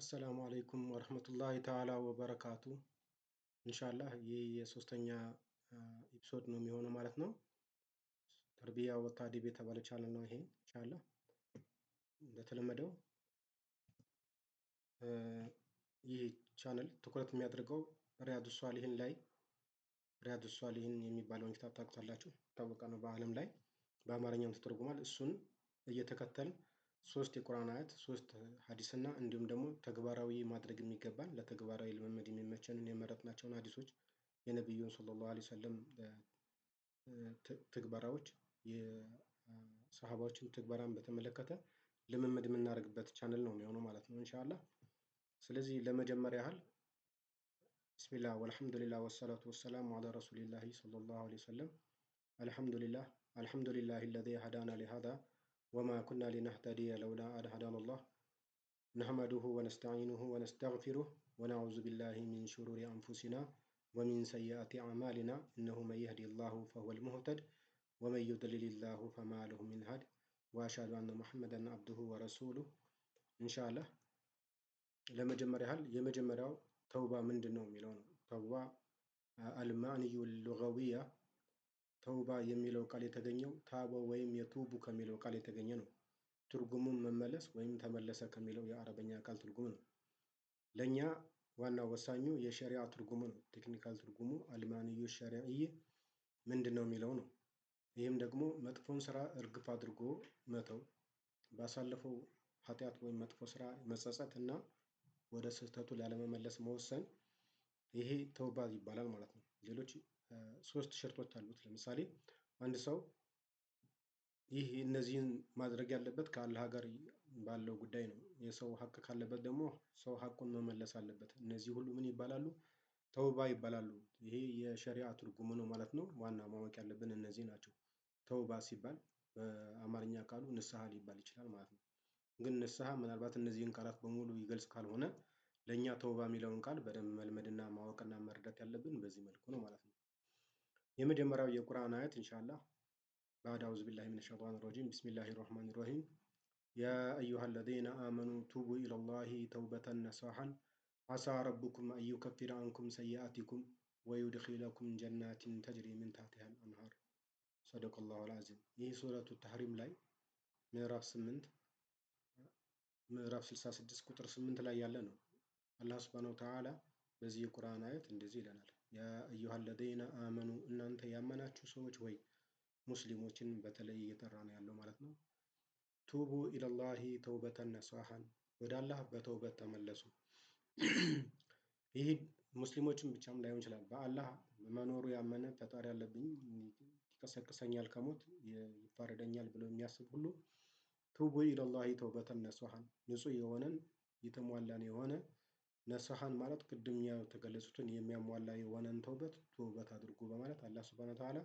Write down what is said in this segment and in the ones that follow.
አሰላሙ አሌይኩም ወረህመቱላሂ ተዓላ ወበረካቱ። እንሻላህ ይህ የሶስተኛ ኢፕሶድ ነው የሚሆነው ማለት ነው። ተርቢያ ወታዲብ የተባለ ቻናል ነው ይሄ። እንሻላህ እንደተለመደው ይህ ቻናል ትኩረት የሚያደርገው ሪያዱ ሷሊሂን ላይ ሪያዱ ሷሊሂን የሚባለውን ኪታብ ታውቁታላችሁ፣ ታወቀ ነው በዓለም ላይ በአማርኛም ተተርጉሟል። እሱን እየተከተል ሶስት የቁርአን አያት ሶስት ሀዲስና እንዲሁም ደግሞ ተግባራዊ ማድረግ የሚገባን ለተግባራዊ ልምምድ የሚመቸንን የመረጥናቸውን ሀዲሶች የነቢዩን ሰለላሁ ዐለይሂ ወሰለም ትግበራዎች የሰሃባዎችን ትግበራን በተመለከተ ልምምድ የምናደርግበት ቻነል ነው የሚሆነው ማለት ነው እንሻላ። ስለዚህ ለመጀመሪያ ያህል ብስሚላ ወልሐምዱሊላ ወሰላቱ ወሰላሙ አላ ረሱሊላሂ ሰለላሁ ዐለይሂ ወሰለም አልሐምዱሊላ አልሐምዱሊላህ ለዚ ሀዳና ሊሃዳ وما كنا لنهتدي لولا أن هدانا الله نحمده ونستعينه ونستغفره ونعوذ بالله من شرور أنفسنا ومن سيئات أعمالنا إنه من يهدي الله فهو المهتد ومن يضلل الله فما له من هاد وأشهد أن محمدا عبده ورسوله إن شاء الله لما جمر هل ተውባ ምንድን ነው የሚለው ነው توبة المعني اللغوية ተውባ የሚለው ቃል የተገኘው ታበ ወይም የቱቡ ከሚለው ቃል የተገኘ ነው። ትርጉሙም መመለስ ወይም ተመለሰ ከሚለው የአረበኛ ቃል ትርጉም ነው። ለእኛ ዋና ወሳኙ የሸሪያ ትርጉሙ ነው። ቴክኒካል ትርጉሙ አልማንዩ ሸሪዕይ ምንድን ነው የሚለው ነው። ይህም ደግሞ መጥፎን ስራ እርግፍ አድርጎ መተው፣ ባሳለፈው ኃጢአት ወይም መጥፎ ስራ መጸጸት እና ወደ ስህተቱ ላለመመለስ መወሰን፣ ይሄ ተውባ ይባላል ማለት ነው። ሌሎች ሶስት ሸርጦች አሉት። ለምሳሌ አንድ ሰው ይህ እነዚህን ማድረግ ያለበት ከአላህ ጋር ባለው ጉዳይ ነው። የሰው ሀቅ ካለበት ደግሞ ሰው ሀቁን መመለስ አለበት። እነዚህ ሁሉ ምን ይባላሉ? ተውባ ይባላሉ። ይሄ የሸሪዓ ትርጉሙ ነው ማለት ነው። ዋና ማወቅ ያለብን እነዚህ ናቸው። ተውባ ሲባል በአማርኛ ቃሉ ንስሐ ሊባል ይችላል ማለት ነው። ግን ንስሐ ምናልባት እነዚህን ቃላት በሙሉ ይገልጽ ካልሆነ ለእኛ ተውባ የሚለውን ቃል በደንብ መልመድና ማወቅና መረዳት ያለብን በዚህ መልኩ ነው ማለት ነው። የመጀመሪያው ان شاء الله بعد أعوذ بالله من الشيطان الرجيم بسم الله الرحمن الرحيم يا أيها الذين آمنوا توبوا إلى الله توبة نصوحا عسى ربكم أن يكفر عنكم سيئاتكم ويدخلكم جنات تجري من تحتها الأنهار صدق الله العظيم هي سورة التحريم لاي من راف سمنت من راف سلسة سدس كتر سمنت لاي يالنو الله سبحانه وتعالى بزي قرآن آيات اندزي لنالك ያ አዩሀ ለዚነ አመኑ እናንተ ያመናችሁ ሰዎች ወይ ሙስሊሞችን በተለይ እየጠራ ነው ያለው ማለት ነው። ቱቡ ኢለላሂ ተውበተን ነሷሃን ወደ አላህ በተውበት ተመለሱ። ይህ ሙስሊሞችን ብቻም ላይሆን ይችላል። በአላህ መኖሩ ያመነ ፈጣሪ አለብኝ ይቀሰቅሰኛል ከሞት ይፋረደኛል ብሎ የሚያስብ ሁሉ ቱቡ ኢለላሂ ተውበተን ነሷሃን ንጹህ የሆነን የተሟላን የሆነ ነስሐን ማለት ቅድም የተገለጹትን የሚያሟላ የሆነን ተውበት ተውበት አድርጎ በማለት አላህ ሱብሃነሁ ወተዓላ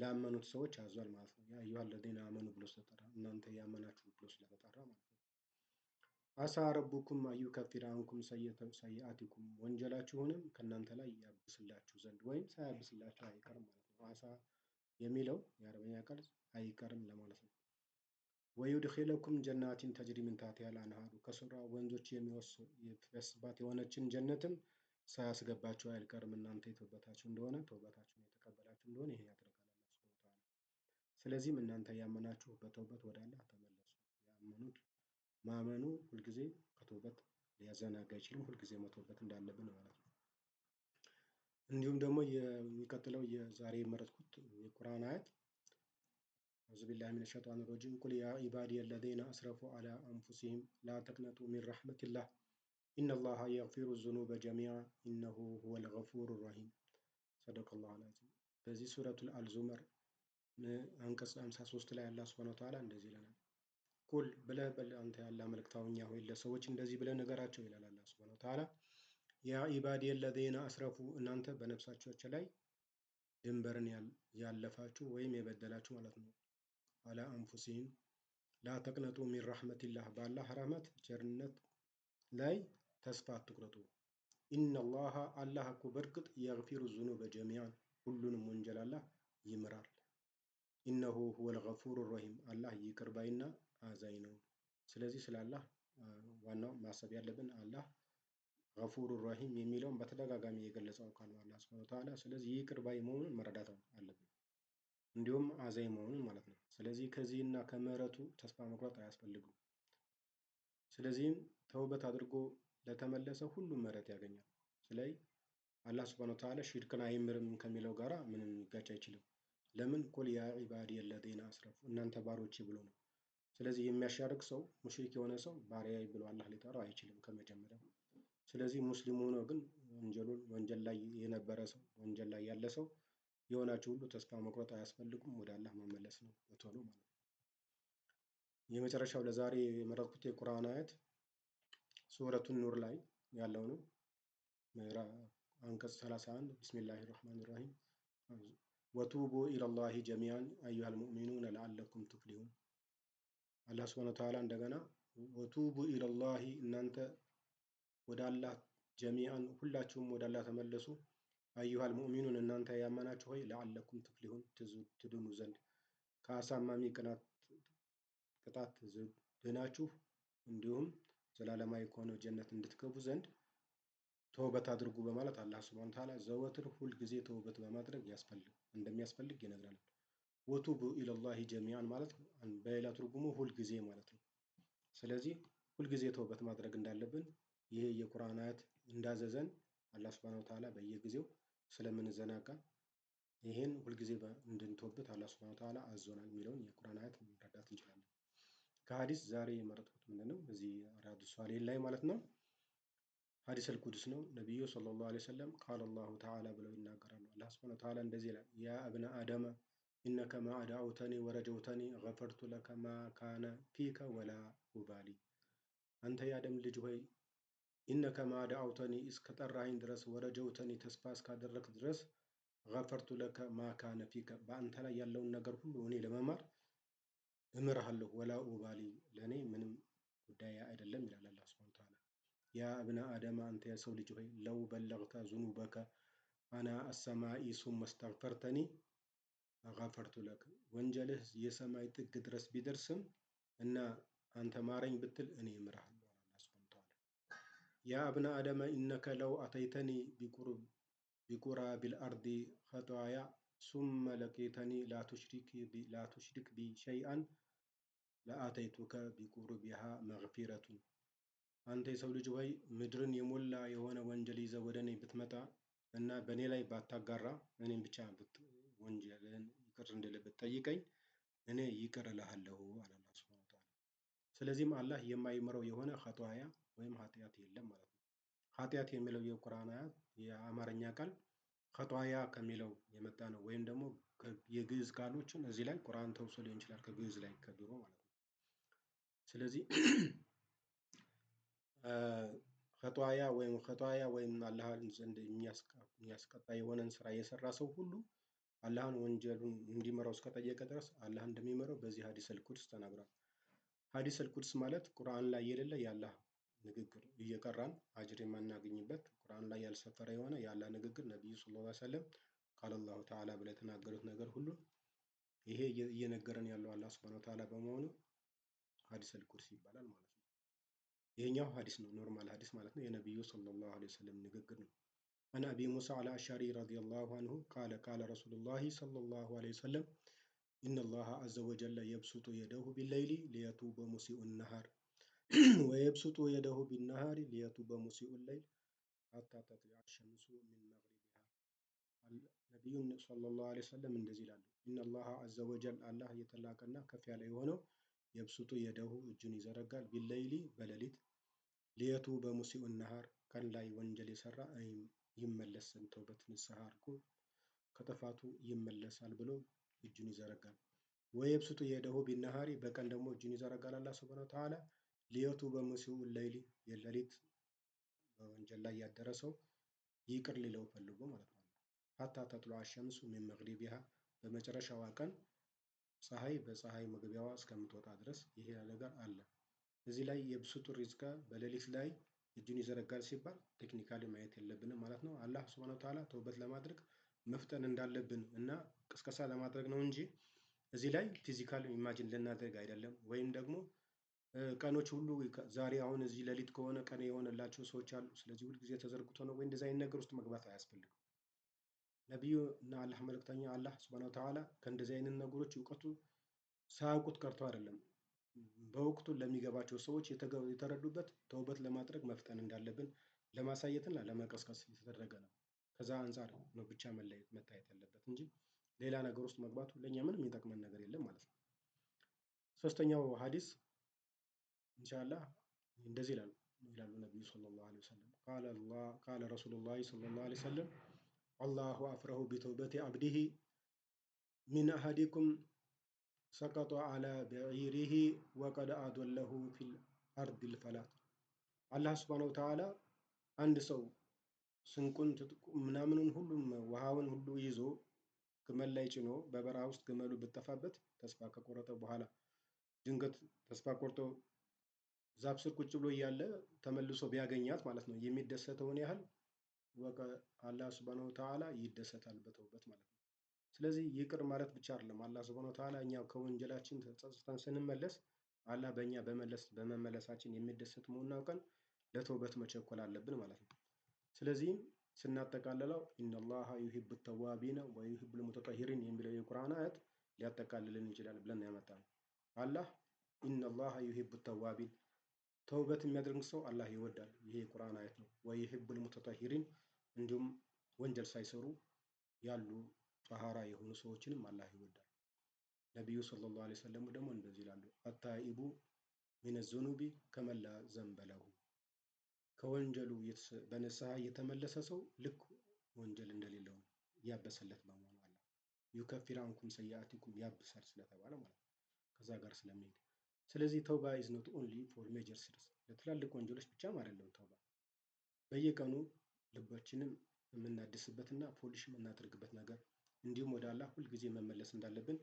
ላመኑት ሰዎች አዟል ማለት ነው። ያ አዩሃ ለዚነ አመኑ ብሎ ስለጠራ እናንተ ያመናችሁ ብሎ ስለተጠራ ማለት ነው። አሳ ረቡኩም አዩከፊረ አንኩም ሰይአቲኩም ወንጀላችሁንም ከእናንተ ላይ ያብስላችሁ ዘንድ ወይም ሳያብስላችሁ አይቀርም ማለት ነው። አሳ የሚለው የአረበኛ ቃል አይቀርም ለማለት ነው። ወዩድኺለኩም ጀናቲን ተጅሪ ሚን ታሕቲሀል አንሃሩ ከሱራ ወንዞች የሚፈስባት የሆነችን ጀነትም ሳያስገባችሁ አይልቀርም እናንተ የተወበታችሁ እንደሆነ ተውበታችሁን የተቀበላችሁ እንደሆነ ይሄን ያደርጋል አላህ ሱብሓነሁ ወተዓላ። ስለዚህም እናንተ ያመናችሁ በተውበት ወደ አላህ ተመለሱ። ያመኑት ማመኑ ሁልጊዜ ከተውበት ሊያዘናጋ አይችልም። ሁልጊዜ መተውበት እንዳለብን ማለት ነው። እንዲሁም ደግሞ የሚቀጥለው የዛሬ የመረጥኩት የቁርአን አያት አዑዙ ቢላሂ ሚነ ሸይጧን ረጂም ቁል ያ ኢባዲ አለዚነ አስረፉ አላ አንፉሲሂም ላ ተቅነጡ ሚን ረሕመቲላህ ኢነላሃ የግፊሩ ዙኑበ ጀሚዓ ኢነሁ ሁወል ገፉሩ ረሂም። ሰደቀላሁ አልዓዚም። በዚህ ሱረቱል አልዙመር አንቀጽ 53 ላይ አላህ ሱብሃነሁ ወተዓላ እንደዚህ ይለናል። ቁል ብለህ በል አንተ ያለ መልእክተኛ ሆይ ለሰዎች እንደዚህ ብለህ ነገራቸው ይላል አላህ ሱብሃነሁ ወተዓላ ያ ኢባዲ አለዚነ አስረፉ እናንተ በነፍሳቸው ላይ ድንበርን ያለፋችሁ ወይም የበደላችሁ ማለት ነው አላ አንፉሲህም ላ ተቅነጡ ሚን ረሕመቲላህ በአላህ ረህመት ቸርነት ላይ ተስፋ አትቁረጡ። ኢነላሃ አላህ እኮ በእርግጥ የግፊሩ ዙኑበ ጀሚያን ሁሉንም ወንጀል አላህ ይምራል። ኢነሁ ሁወል ገፉሩ ረሂም አላህ ይቅር ባይና አዛኝ ነው። ስለዚህ ስለ አላህ ዋናው ማሰብ ያለብን አላህ ገፉሩ ረሂም የሚለውን በተደጋጋሚ የገለጸው ቃል ነው አላህ ሱብሃነሁ ወተዓላ። ስለዚህ ይቅር ባይ መሆኑን መረዳት አለብን፣ እንዲሁም አዛኝ መሆኑን ማለት ነው። ስለዚህ ከዚህና ከምህረቱ ተስፋ መቁረጥ አያስፈልግም። ስለዚህም ተውበት አድርጎ ለተመለሰ ሁሉ ምሕረት ያገኛል። ስለዚህ አላህ ስብሐነ ወተዓላ ሽርክን አይምርም ከሚለው ጋር ምንም ሊጋጭ አይችልም። ለምን ቁል ያ ዒባዲ አለዚነ አስረፉ እናንተ ባሮቼ ብሎ ነው። ስለዚህ የሚያሻርክ ሰው ሙሽሪክ የሆነ ሰው ባሪያዬ ብሎ አላህ ሊጠራው አይችልም ከመጀመሪያው። ስለዚህ ሙስሊም ሆኖ ግን ወንጀሉን ወንጀል ላይ የነበረ ሰው ወንጀል ላይ ያለ ሰው የሆናችሁ ሁሉ ተስፋ መቁረጥ አያስፈልጉም። ወደ አላህ መመለስ ነው በቶሎ ማለት ነው። የመጨረሻው ለዛሬ የመረጥኩት የቁርአን አያት ሱረቱን ኑር ላይ ያለው ነው። አንቀጽ 31 ቢስሚላህ ራህማን ራሂም ወቱቡ ኢለላሂ ጀሚያን አዩሃል ሙእሚኑነ ለአለኩም ቱፍሊሁን። አላህ ስብሃነ ወተዓላ እንደገና ወቱቡ ኢለላሂ እናንተ ወደ አላህ ጀሚአን ሁላችሁም ወደ አላህ ተመለሱ አዩሃ ሙእሚኑን እናንተ ያመናችሁ ሆይ ለአለኩም ትፍሊሁን ትድኑ ዘንድ ከአሳማሚ ቅናት ቅጣት ድናችሁ እንዲሁም ዘላለማዊ ከሆነው ጀነት እንድትገቡ ዘንድ ተውበት አድርጉ በማለት አላህ ስብሐነ ተዓላ ዘወትር ጊዜ ተውበት በማድረግ ያስፈልግ እንደሚያስፈልግ ይነግራል። ወቱቡ ኢለላሂ ጀሚአን ማለት በሌላ ትርጉሙ ሁል ጊዜ ማለት ነው። ስለዚህ ሁል ጊዜ ተውበት ማድረግ እንዳለብን ይህ የቁርአን አያት እንዳዘዘን አላህ ስብሐነ ተዓላ በየጊዜው ስለምንዘናጋ ይህን ሁልጊዜ እንድንተውበት አላህ ሱብሃነሁ ወተዓላ አዞናል የሚለውን የቁርአን አያት መረዳት እንችላለን። ከሀዲስ ዛሬ የመረጥኩት ምንድነው? እዚህ ሪያዱ ሷሊሒን ላይ ማለት ነው ሀዲስ አልቁዱስ ነው። ነቢዩ ሰለላሁ ዐለይሂ ወሰለም ቃለ አላሁ ተዓላ ብለው ይናገራሉ። አላህ ሱብሃነሁ ወተዓላ እንደዚህ ይላል፣ ያ እብነ አደመ ኢነከ ማ አዳውተኒ ወረጀውተኒ ገፈርቱ ለከ ማ ካነ ፊከ ወላ ኡባሊ። አንተ የአደም ልጅ ሆይ ኢነከ ማዳ አውተኒ እስከጠራኸኝ ድረስ ወረጀውተኒ ተስፋ እስካደረግ ድረስ ገፈርቱ ለከ ማካነ ፊከ በአንተ ላይ ያለውን ነገር ሁሉ እኔ ለመማር እምርሃለሁ። ወላ ኡባሊ ለእኔ ምንም ጉዳይ አይደለም ይላል አላህ ሱብሓነሁ ወተዓላ። ያ እብነ አደም አንተ የሰው ልጅ ሆይ ለው በለግተ ዙኑበከ አና አሰማኢ ሱመ ስተግፈርተኒ ገፈርቱ ለከ ወንጀልህ የሰማይ ጥግ ድረስ ቢደርስም እና አንተ ማረኝ ብትል እኔ እምርሃለሁ። يا ابن آدم إنك لو أتيتني بقراب الأرض خطايا ثم لقيتني لا تشرك بي ለአተይቱከ ቢቁርቢሃ መግፊረቱን አንተ የሰው ልጅ ወይ ምድርን የሞላ የሆነ ወንጀል ይዘ ወደ እኔ ብትመጣ እና በእኔ ላይ ባታጋራ እኔም ብቻ ወንጀልን ይቅር እንድል ብትጠይቀኝ እኔ ይቅር እልሃለሁ አለ አላህ ሱብሃነሁ ወተዓላ። ስለዚህም አላህ የማይምረው የሆነ ኸጣያ ወይም ኃጢአት የለም ማለት ነው። ኃጢአት የሚለው የቁርአን አያት የአማርኛ ቃል ከጧያ ከሚለው የመጣ ነው። ወይም ደግሞ የግዕዝ ቃሎችን እዚህ ላይ ቁርአን ተውሶ ሊሆን ይችላል ከግዕዝ ላይ ከድሮ ማለት ነው። ስለዚህ ከጧያ ወይም ከጧያ ወይም አላህን ዘንድ የሚያስቀጣ የሆነን ስራ የሰራ ሰው ሁሉ አላህን ወንጀሉን እንዲመራው እስከጠየቀ ድረስ አላህ እንደሚመራው በዚህ ሀዲስ አልቁድስ ተናግሯል። ሀዲስ አልቁድስ ማለት ቁርአን ላይ የሌለ የአላህ ንግግር እየቀራን አጅር የማናገኝበት ቁርአን ላይ ያልሰፈረ የሆነ ያለ ንግግር ነቢዩ ሰለላሁ ዐለይሂ ወሰለም ቃለላሁ ተዓላ ብለው የተናገሩት ነገር ሁሉ ይሄ እየነገረን ያለው አላህ ሱብሃነሁ ወተዓላ በመሆኑ ሐዲስ አልኩርሲ ይባላል ማለት ነው። ይሄኛው ሀዲስ ነው፣ ኖርማል ሀዲስ ማለት ነው። የነቢዩ ሰለላሁ ዐለይሂ ወሰለም ንግግር ነው። አን አቢ ሙሳ አልአሻሪ ረዲየላሁ አንሁ ቃለ ቃለ ረሱሉላሂ ሰለላሁ ዐለይሂ ወሰለም ኢነላሃ አዘወጀለ የብሱጡ የደሁ ቢለይሊ ሊየቱበ ሙሲኡ ነሃር ويبسط يده بالنهار ليتوب مسيء الليل حتى تطلع الشمس من መግሪቢሃ ነቢዩም ሰለላሁ ዐለይሂ ወሰለም እንደዚህ ይላሉ። ኢነላህ አዘወጀል አላህ የተላቀና ከፍ ያለ የሆነው የብሱጡ የደሁ እጁን ይዘረጋል ቢለይሊ በሌሊት ሊየቱ በሙሲኡ ነሃር ቀን ላይ ወንጀል የሰራ ይመለስ ዘንድ ተውበት ንስሐ አድርጎ ከጥፋቱ ይመለሳል ብሎ እጁን ይዘረጋል። ወየብሱጡ የደሁ ቢነሃሪ በቀን ደግሞ እጁን ይዘረጋል አላህ ሱብሃነሁ ወተዓላ ልየቱ በመሲሑ እለይሊ የሌሊት በወንጀል ላይ ያደረሰው ይቅር ሊለው ፈልጎ ማለት ነው። ሀታ ተጥሎ አሸምሱ ሚን መግሪቢሃ በመጨረሻዋ ቀን ፀሐይ በፀሐይ መግቢያዋ እስከምትወጣ ድረስ ይሄ ነገር አለ። እዚህ ላይ የብሱጡ ሪዝቃ በሌሊት ላይ እጁን ይዘረጋል ሲባል ቴክኒካሊ ማየት የለብንም ማለት ነው። አላህ ስብሐነ ወተዓላ ተውበት ለማድረግ መፍጠን እንዳለብን እና ቅስቀሳ ለማድረግ ነው እንጂ እዚህ ላይ ፊዚካል ኢማጂን ልናደርግ አይደለም ወይም ደግሞ ቀኖች ሁሉ ዛሬ አሁን እዚህ ሌሊት ከሆነ ቀን የሆነላቸው ሰዎች አሉ። ስለዚህ ሁልጊዜ ተዘርግቶ ነው ወይ እንደዚህ አይነት ነገር ውስጥ መግባት አያስፈልግም። ነቢዩ እና አላህ መልእክተኛ አላህ ስብሃነ ወተዓላ ከእንደዚህ አይነት ነገሮች እውቀቱ ሳያውቁት ቀርቶ አይደለም በወቅቱ ለሚገባቸው ሰዎች የተረዱበት ተውበት ለማድረግ መፍጠን እንዳለብን ለማሳየትና ለመቀስቀስ የተደረገ ነው። ከዛ አንጻር ነው ብቻ መለየት መታየት ያለበት እንጂ ሌላ ነገር ውስጥ መግባቱ ለእኛ ምንም የሚጠቅመን ነገር የለም ማለት ነው። ሶስተኛው ሀዲስ እንሻላ እንደዚህ ይላሉ ይላሉ ነቢዩ ሰለላሁ ዐለይሂ ወሰለም ቃለ ረሱሉላሂ ሰለላሁ ዐለይሂ ወሰለም አላሁ አፍረሁ ቢተውበቲ አብዲሂ ሚን አሀዲኩም ሰቀጦ አላ በዒሪሂ ወቀድ አዶለሁ ፊል አርድ ልፈላት። አላህ ስብሃነ ወተዓላ አንድ ሰው ስንቁን ምናምኑን ሁሉም ውሃውን ሁሉ ይዞ ግመል ላይ ጭኖ በበረሃ ውስጥ ግመሉ ብጠፋበት ተስፋ ከቆረጠ በኋላ ድንገት ተስፋ ቆርጦ ዛፍ ስር ቁጭ ብሎ እያለ ተመልሶ ቢያገኛት ማለት ነው የሚደሰተውን ያህል ወቀ አላህ ስብሃነሁ ወተዓላ ይደሰታል በተውበት ማለት ነው። ስለዚህ ይቅር ማለት ብቻ አይደለም። አላህ ስብሃነሁ ወተዓላ እኛ ከወንጀላችን ተጸጽተን ስንመለስ አላህ በእኛ በመለስ በመመለሳችን የሚደሰት መሆኑን አውቀን ለተውበት መቸኮል አለብን ማለት ነው። ስለዚህም ስናጠቃልለው ኢነላሃ ዩሂቡ ተዋቢነ ወዩሂቡል ልሙተጠሂሪን የሚለው የቁርአን አያት ሊያጠቃልልን ይችላል ብለን ያመጣ ነው። አላህ ኢነላሃ ዩሂቡ ተዋቢን ተውበት የሚያደርግ ሰው አላህ ይወዳል። ይሄ የቁርአን አያት ነው። ወይ ህብል ሙተጠሂሪን እንዲሁም ወንጀል ሳይሰሩ ያሉ ጠሃራ የሆኑ ሰዎችንም አላህ ይወዳል። ነቢዩ ሰለላሁ ዐለይሂ ወሰለም ደግሞ እንደዚህ ይላሉ፣ አታኢቡ ሚነ ዘኑቢ ከመላ ዘንበለሁ ከወንጀሉ በንስሐ የተመለሰ ሰው ልክ ወንጀል እንደሌለው ያበሰለት በመሆኑ አለ ዩከፊር አንኩም ሰያአቲኩም ያብሳል ስለተባለ ማለት ነው። ከዛ ጋር ስለሚሄድ ስለዚህ ተውባ ኢዝ ኖት ኦንሊ ፎር ሜጀር ሲንስ ለትላልቅ ወንጀሎች ብቻም አይደለም ተውባ። በየቀኑ ልባችንም የምናድስበትና ፖሊሽ የምናደርግበት ነገር እንዲሁም ወደ አላህ ሁልጊዜ መመለስ እንዳለብን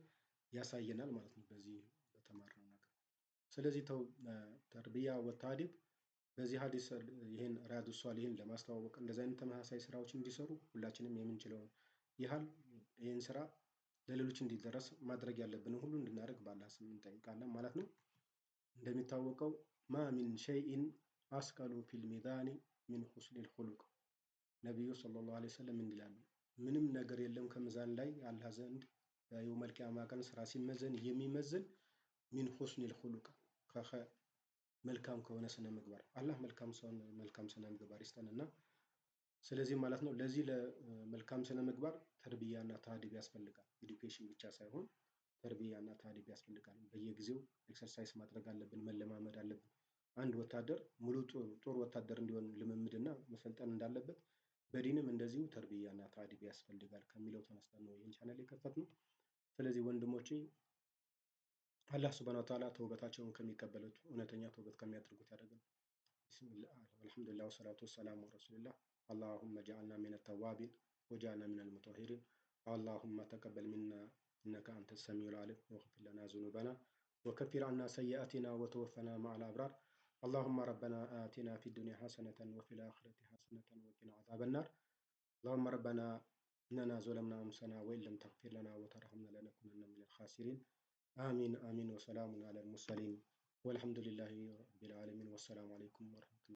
ያሳየናል ማለት ነው። በዚህ በተማርነው ነገር ስለዚህ ተርቢያ ወታዲብ በዚህ ሀዲስ ይህን ሪያዱ ሷሊሂን ለማስተዋወቅ እንደዚህ አይነት ተመሳሳይ ስራዎች እንዲሰሩ ሁላችንም የምንችለውን ያህል ይህን ስራ ለሌሎች እንዲደረስ ማድረግ ያለብን ሁሉ እንድናደርግ ባላህ ስም እንጠይቃለን ማለት ነው። እንደሚታወቀው ማ ሚን ሸይኢን አስቀሉ ፊል ሚዛኒ ሚን ሁስኒል ሁሉቅ ነቢዩ ሰለላሁ ዐለይሂ ወሰለም እንዲላሉ ምንም ነገር የለም ከሚዛን ላይ አላህ ዘንድ የውመል ቂያማ ቀን ስራ ሲመዘን የሚመዝን ሚን ሁስኒል ሁሉቅ መልካም ከሆነ ስነ ምግባር አላህ መልካም ሰውን መልካም ስነ ምግባር ይስጠንና ስለዚህ ማለት ነው ለዚህ ለመልካም ስነ ምግባር ተርቢያና ታዲብ ያስፈልጋል። ኤዱኬሽን ብቻ ሳይሆን ተርቢያ እና ታዲብ ያስፈልጋል። በየጊዜው ኤክሰርሳይዝ ማድረግ አለብን፣ መለማመድ አለብን። አንድ ወታደር ሙሉ ጦር ወታደር እንዲሆን ልምምድና መሰልጠን እንዳለበት በዲንም እንደዚሁ ተርቢያ እና ታዲብ ያስፈልጋል ከሚለው ተነስተን ነው ይህን ቻናል የከፈትነው። ስለዚህ ወንድሞቼ አላህ ሱብሃነሁ ወተዓላ ተውበታቸውን ከሚቀበሉት እውነተኛ ተውበት ከሚያደርጉት ያደርገን። ቢስሚላህ አልሐምዱሊላህ ወሰላቱ ወሰላሙ ረሱልላህ አላሁመ ጃአልና ሚነ ተዋቢን ወጃአልና ሚነል ሙጠሂሪን አላሁመ ተቀበል ሚና إنك أنت السميع العليم واغفر لنا ذنوبنا وكفر عنا سيئاتنا وتوفنا مع الأبرار اللهم ربنا آتنا في الدنيا حسنة وفي الآخرة حسنة وقنا عذاب النار اللهم ربنا إننا ظلمنا أنفسنا وإن لم تغفر لنا وترحمنا لنكونن من الخاسرين آمين آمين وسلام على المرسلين والحمد لله رب العالمين والسلام عليكم ورحمة الله